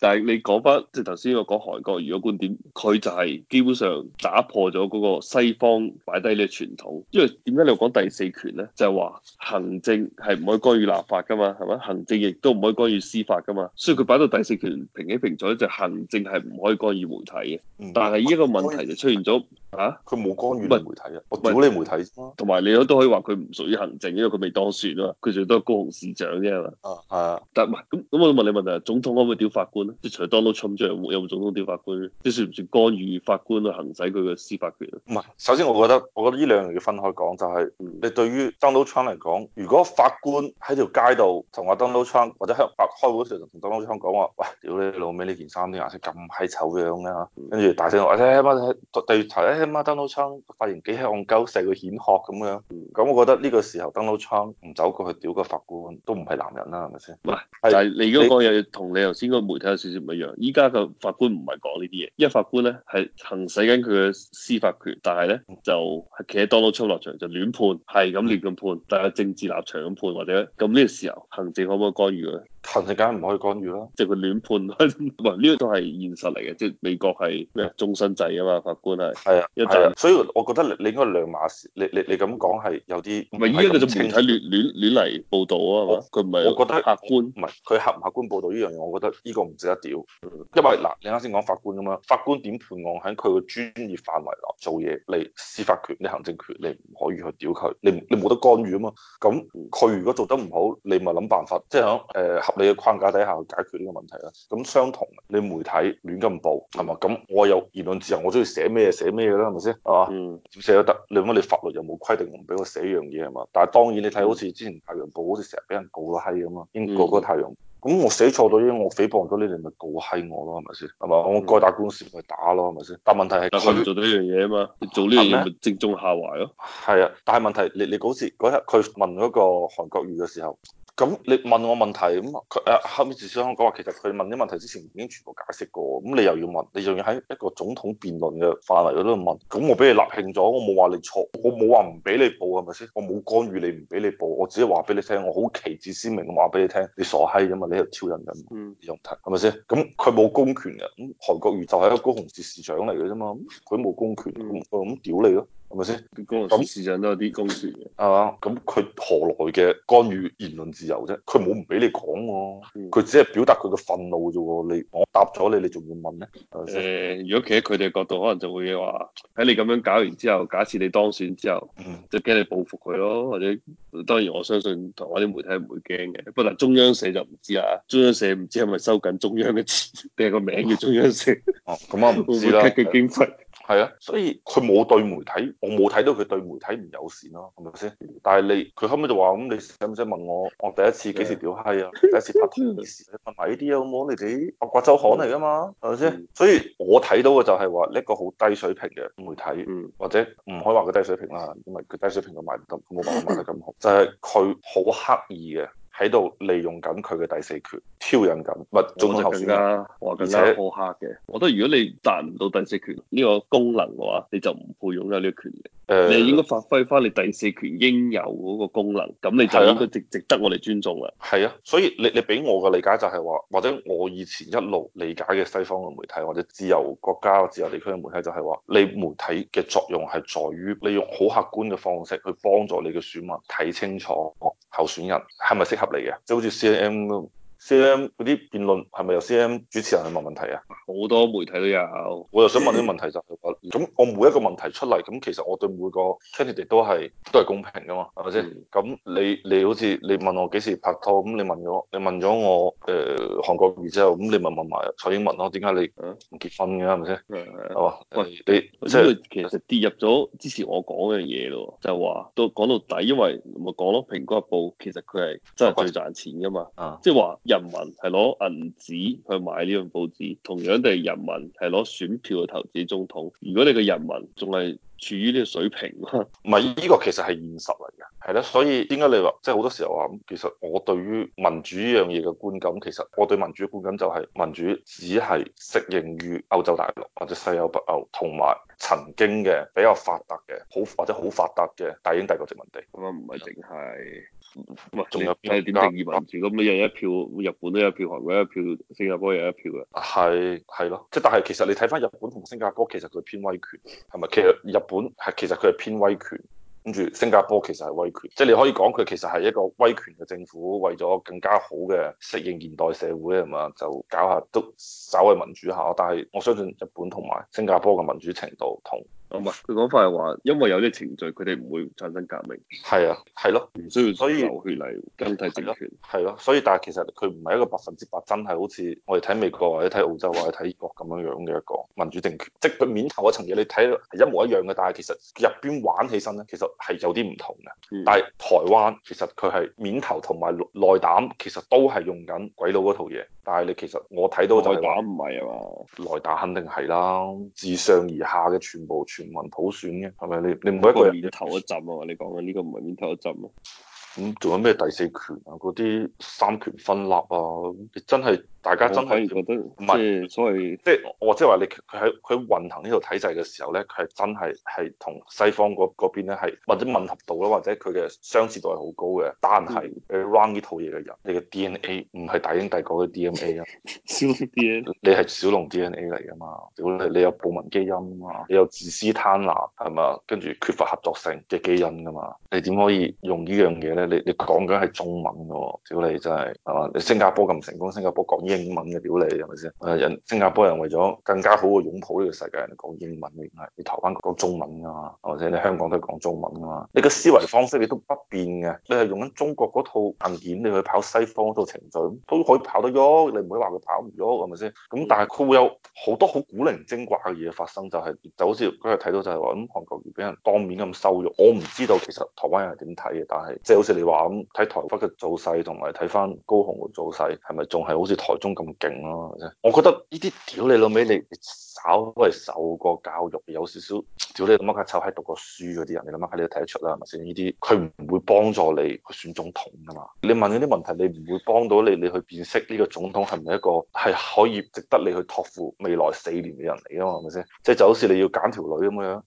但係你講翻即係頭先我講韓國瑜嘅觀點，佢就係基本上打破咗嗰個西方擺低呢個傳統。因為點解你會講第四權咧？就係話行政係唔可以干預立法㗎嘛，係嘛？行政亦都唔可以干預司法㗎嘛。所以佢擺到第四權平起平坐就行政係唔可以干預媒體嘅。但係呢一個問題就出現咗嚇，佢冇干預咩媒體啊，我屌你媒體，同埋你都可以話佢唔屬於行政，因為佢未當選啊嘛，佢最多係高雄市長啫嘛。啊啊，但唔係咁咁，我問你問題，總統可唔可以屌法官？即除咗 Donald Trump，即係有冇總統屌法官咧？即算唔算干預法官去行使佢嘅司法權？唔係，首先我覺得，我覺得呢兩樣要分開講、就是。就係你對於 Donald Trump 嚟講，如果法官喺條街度同阿 Donald Trump，或者喺白開會嗰時同 Donald Trump 講話：喂，屌你老尾，呢件衫啲顏色咁閪醜樣咧、啊、嚇！跟住大聲話，誒、欸、媽，對、欸、頭，誒、欸、媽，Donald Trump，發現幾憨鳩，細個顯學咁樣。咁我覺得呢個時候 Donald Trump 唔走過去屌個法官，都唔係男人啦，係咪先？唔係，你而家講嘢，同你頭先個媒體少少唔一樣，依家個法官唔係講呢啲嘢，因為法官咧係行使緊佢嘅司法權，但係咧就企喺當初出落場就亂判，係咁亂咁判，但係政治立場咁判，或者咁呢個時候，行政可唔可以干預啊？行政梗係唔可以干預啦，即係佢亂判，呢 個都係現實嚟嘅，即係美國係咩啊？終身制啊嘛，法官係係啊，啊，所以我覺得你，你應該兩碼事，你你你咁講係有啲唔係依家嘅媒體亂亂亂嚟報導啊嘛，佢唔係客觀，唔係佢客唔客觀報導呢樣嘢，我覺得呢個唔知。得屌，因為嗱，你啱先講法官㗎嘛，法官點判案喺佢嘅專業範圍內做嘢，你司法權、你行政權，你唔可以去屌佢，你你冇得干預啊嘛。咁佢如果做得唔好，你咪諗辦法，即係喺誒合理嘅框架底下解決呢個問題啦。咁相同，你媒體亂咁報係嘛？咁我有言論自由，我中意寫咩寫咩啦，係咪先？係嘛？嗯，點寫都得，你乜你法律又冇規定唔俾我寫呢樣嘢係嘛？但係當然你睇好似之前《太陽報》好似成日俾人告到閪咁嘛，英國嗰個《太陽》。咁我寫錯咗，因為我誹謗咗你哋，咪告閪我咯，係咪先？係咪、嗯、我該打官司咪打咯，係咪先？但問題係佢做咗呢樣嘢啊嘛，你做呢樣嘢咪正中下懷咯。係啊，但係問題你你嗰時嗰日佢問嗰個韓國瑜嘅時候。咁你問我問題咁啊，誒後面仲想講話，其實佢問啲問題之前已經全部解釋過，咁你又要問，你仲要喺一個總統辯論嘅範圍嗰度問，咁我俾你立興咗，我冇話你錯，我冇話唔俾你報係咪先？我冇干預你唔俾你報，我只係話俾你聽，我好旗幟鮮明話俾你聽，你傻閪㗎嘛？你係超人㗎嘛？呢種題係咪先？咁佢冇公權嘅，咁韓國瑜就係一個高雄市市長嚟嘅啫嘛，佢冇公權，咁咁、嗯、屌你咯！係咪先？咁市長都有啲公事，係嘛、 啊？咁佢何來嘅干預言論自由啫？佢冇唔俾你講喎、啊，佢、嗯、只係表達佢嘅憤怒啫喎。你我答咗你，你仲要問咧？誒、呃，如果企喺佢哋角度，可能就會話：喺你咁樣搞完之後，假設你當選之後，嗯、就驚你報復佢咯。或者當然，我相信台灣啲媒體唔會驚嘅，不過中央社就唔知啦、啊。中央社唔知係咪收緊中央嘅錢？定係個名叫中央社。哦、啊，咁我唔知啦。會係啊，所以佢冇對媒體，我冇睇到佢對媒體唔友善咯，係咪先？但係你佢後屘就話咁，你使唔使問我？我第一次幾時屌閪啊？第一次拍拖嗰時問埋依啲啊，好唔好？你哋八卦周刊嚟噶嘛，係咪先？所以我睇到嘅就係話，呢、這、一個好低水平嘅媒體， 或者唔可以話佢低水平啦，因為佢低水平都賣唔到。佢冇辦法賣得咁好，就係佢好刻意嘅。喺度利用緊佢嘅第四權，挑釁緊，咪仲後啦。我話更加苛刻嘅，我覺得如果你達唔到第四權呢個功能嘅話，你就唔配擁有呢個權力。誒，你應該發揮翻你第四權應有嗰個功能，咁你就應該值值得我哋尊重啦。係啊，啊，所以你你俾我嘅理解就係話，或者我以前一路理解嘅西方嘅媒體或者自由國家、自由地區嘅媒體就係話，你媒體嘅作用係在於你用好客觀嘅方式去幫助你嘅選民睇清楚候選人係咪適合你嘅，即係好似 C M。C M 嗰啲辯論係咪由 C M 主持人去問問題啊？好多媒體都有，我又想問啲問題就係話，咁我每一個問題出嚟，咁其實我對每個 candidate 都係都係公平噶嘛，係咪先？咁你你好似你問我幾時拍拖，咁你問咗你問咗我誒韓國瑜之後，咁你咪問埋蔡英文咯，點解你唔結婚嘅係咪先？係嘛？喂，你即係其實跌入咗之前我講嘅嘢咯，就係話都講到底，因為咪講咯，《蘋果日報》其實佢係真係最賺錢噶嘛，即係話。人民係攞銀紙去買呢份報紙，同樣地，人民係攞選票去投資總統。如果你嘅人民仲係處於呢個水平，唔係呢個其實係現實嚟嘅，係咯。所以點解你話即係好多時候話，其實我對於民主呢樣嘢嘅觀感，其實我對民主嘅觀感就係民主只係適應於歐洲大陸或者西歐北歐，同埋曾經嘅比較發達嘅好或者好發達嘅，大英帝國殖民地咁樣，唔係淨係。仲有點定義民主？咁你人一票，日本咧，一票，韓國一票，新加坡有一票嘅，係係咯。即係但係，其實你睇翻日本同新加坡，其實佢偏威權係咪？其實日本係其實佢係偏威權，跟住新加坡其實係威權。即係你可以講佢其實係一個威權嘅政府，為咗更加好嘅適應現代社會啊嘛，就搞下都稍為民主下。但係我相信日本同埋新加坡嘅民主程度同。唔係，佢講法係話說，因為有啲程序，佢哋唔會不產生革命。係啊，係咯，唔需要流血嚟更替政權。係咯，所以、啊啊啊、所以但係其實佢唔係一個百分之百真係好似我哋睇美國或者睇澳洲或者睇英國咁樣樣嘅一個民主政權，即佢面頭嗰層嘢你睇到係一模一樣嘅，但係其實入邊玩起身咧，其實係有啲唔同嘅。但係台灣其實佢係面頭同埋內膽其實都係用緊鬼佬嗰套嘢。但係你其實我睇到就話唔係啊嘛，來打肯定係啦，自上而下嘅全部全民普選嘅，係咪你你唔係一個,人個面頭一陣啊？你講嘅呢個唔係面頭一陣啊？咁仲有咩第四權啊？嗰啲三權分立啊？你真係～大家真係覺得唔係，即係所謂即係我即係話你，佢喺佢運行呢套體制嘅時候咧，佢係真係係同西方嗰邊咧，係或者吻合度啦，或者佢嘅相似度係好高嘅。但係你 run 呢套嘢嘅人，你嘅 DNA 唔係大英帝國嘅 DNA 啊，小嘅，你係小龍 DNA 嚟噶嘛？屌你，你有暴民基因啊嘛？你有自私貪婪係嘛？跟住缺乏合作性嘅基因噶嘛？你點可以用呢樣嘢咧？你，你講緊係中文嘅，屌你真係係嘛？你新加坡咁成功，新加坡講英文嘅表靚係咪先？誒人新加坡人為咗更加好嘅擁抱呢個世界，講英文嘅係，你台灣講中文㗎嘛，或者你香港都係講中文㗎嘛，你嘅思維方式你都不變嘅，你係用緊中國嗰套硬件，你去跑西方嗰套程序，都可以跑得喐，你唔會話佢跑唔喐，係咪先？咁但係佢會有好多好古靈精怪嘅嘢發生，就係，就好似今日睇到就係話咁韓國瑜俾人當面咁羞辱，我唔知道其實台灣人係點睇嘅，但係即係好似你話咁，睇台北嘅造勢同埋睇翻高雄嘅造勢，係咪仲係好似台？中咁勁咯，我覺得呢啲屌你老味，你稍微受過教育，有少少屌你咁樣嘅，湊喺讀過書嗰啲人，你諗下，你都睇得出啦，係咪先？呢啲佢唔會幫助你去選總統噶嘛。你問呢啲問題，你唔會幫到你，你去辨識呢個總統係唔係一個係可以值得你去託付未來四年嘅人嚟啊嘛，係咪先？即係就好似你要揀條女咁樣，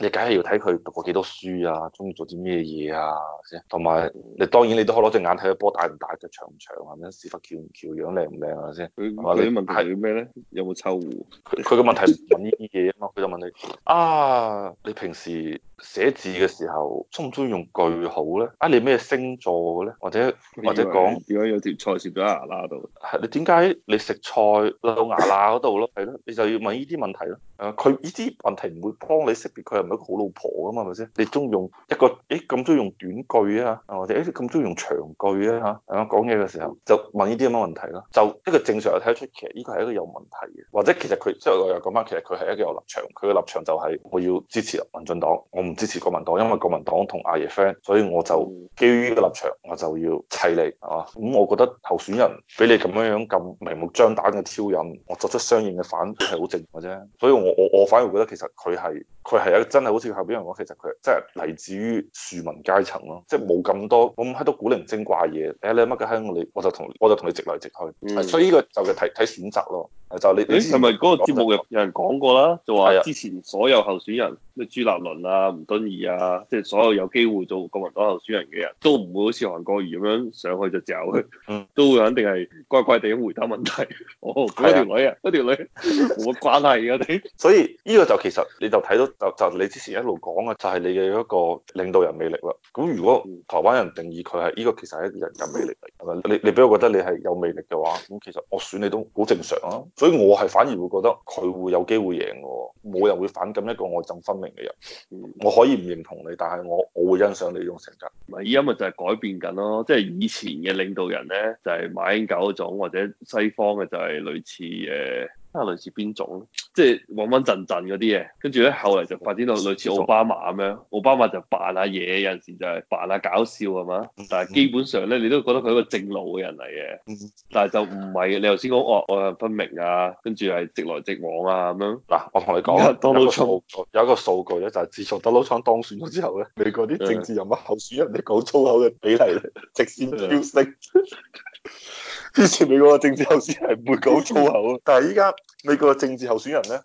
你梗係要睇佢讀過幾多書啊，鍾意做啲咩嘢啊，先。同埋你當然你都可攞隻眼睇下波大唔大，腳長唔長啊，屎忽翹唔翹，樣靚唔靚？係咪先？佢問你啲問題係咩咧？啊、有冇臭狐？佢佢嘅問題問呢啲嘢啊嘛，佢就問你啊，你平時寫字嘅時候鍾唔鍾意用句號咧？啊，你咩星座嘅咧？或者或者講點解有條菜切喺牙罅度？係、啊、你點解你食菜落到牙罅嗰度咯？係咯， 你就要問呢啲問題咯。誒佢呢啲問題唔會幫你識別佢係唔係一個好老婆㗎嘛？係咪先？你鍾意用一個誒咁鍾意用短句啊，或者誒咁鍾意用長句啊嚇，係嘛？講嘢嘅時候就問呢啲咁嘅問題咯、啊。就呢個正常又睇得出，其實呢個係一個有問題嘅，或者其實佢即係我又講翻，其實佢係一個有立場，佢嘅立場就係我要支持民進黨，我唔支持國民黨，因為國民黨同阿爺 friend，所以我就基於呢個立場我就要砌你啊。咁我覺得候選人俾你咁樣樣咁明目張膽嘅挑釁，我作出相應嘅反對係好正常啫。所以我我我反而覺得其實佢係佢係一真係好似後邊人講，其實佢真係嚟自於庶民階層咯，即係冇咁多咁喺度古靈精怪嘢。誒，你乜嘅閪，我你我就同我就同你直來直去。嗯、所以呢個就係睇睇選擇咯就、欸。就你你，係咪嗰個節目說就說有人講過啦？就話之前所有候選人，即朱立倫啊、吳敦義啊，即係所有有機會做國民黨候選人嘅人都唔會好似韓國瑜咁樣上去就嚼佢，都會肯定係乖乖地回答問題。哦，嗰是、啊、條女啊，嗰條女冇乜關係嘅、啊。所以呢個就其實你就睇到就，就你之前一路講嘅就係你嘅一個領導人魅力啦。咁如果台灣人定義佢係呢個，其實係一個人格魅力嚟，係咪？你你俾我覺得你係有魅力嘅話，咁其實我選你都好正常啊。所以我係反而會覺得佢會有機會贏我，冇人會反感一個愛憎分明嘅人。我可以唔認同你，但係我我會欣賞你呢種性格、嗯。唔係，依家咪就係改變緊咯。即係以前嘅領導人咧，就係馬英九種，或者西方嘅就係類似誒。呃係類似邊種，即係穩穩陣陣嗰啲嘢，跟住咧後嚟就發展到類似奧巴馬咁樣。奧巴馬就扮下嘢，有陣時就係扮下搞笑係嘛。但係基本上咧，你都覺得佢係一個正路嘅人嚟嘅。但係就唔係你頭先講惡愛分明啊，跟住係直來直往啊咁樣。嗱，我同你講，當初有，有一個數據咧，就係自從特朗普當選咗之後咧，美國啲政治人物候選人哋講粗口嘅比例直線飆升。之前美國嘅政治候選人唔會講粗口 但係依家美國嘅政治候選人咧。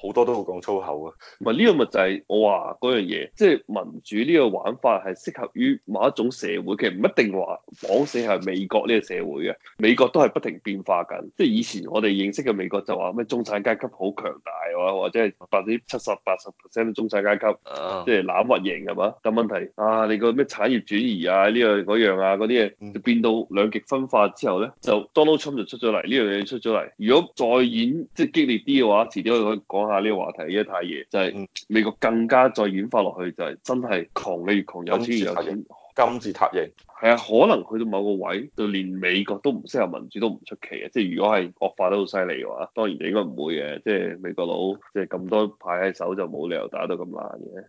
好多都好講粗口啊！唔係呢個咪就係我話嗰樣嘢，即係民主呢個玩法係適合於某一種社會，其實唔一定話講死係美國呢個社會嘅。美國都係不停變化緊，即係以前我哋認識嘅美國就話咩中產階級好強大，啊，或者係百分之七十、八十 percent 中產階級，oh. 即係攬鬱型係嘛？咁、那個、問題啊，你個咩產業轉移啊呢樣嗰樣啊嗰啲嘢，就變到兩極分化之後咧，就 Donald Trump 就出咗嚟，呢樣嘢出咗嚟。如果再演即係、就是、激烈啲嘅話，遲啲可以講下啊！呢個話題依家太野，就係、是、美國更加再演化落去，就係、是、真係窮你越窮，有錢越有錢，金字塔型，係啊，可能去到某個位，就連美國都唔適合民主都唔出奇嘅。即係如果係惡化得好犀利嘅話，當然你應該唔會嘅。即係美國佬，即係咁多派喺手，就冇理由打到咁爛嘅。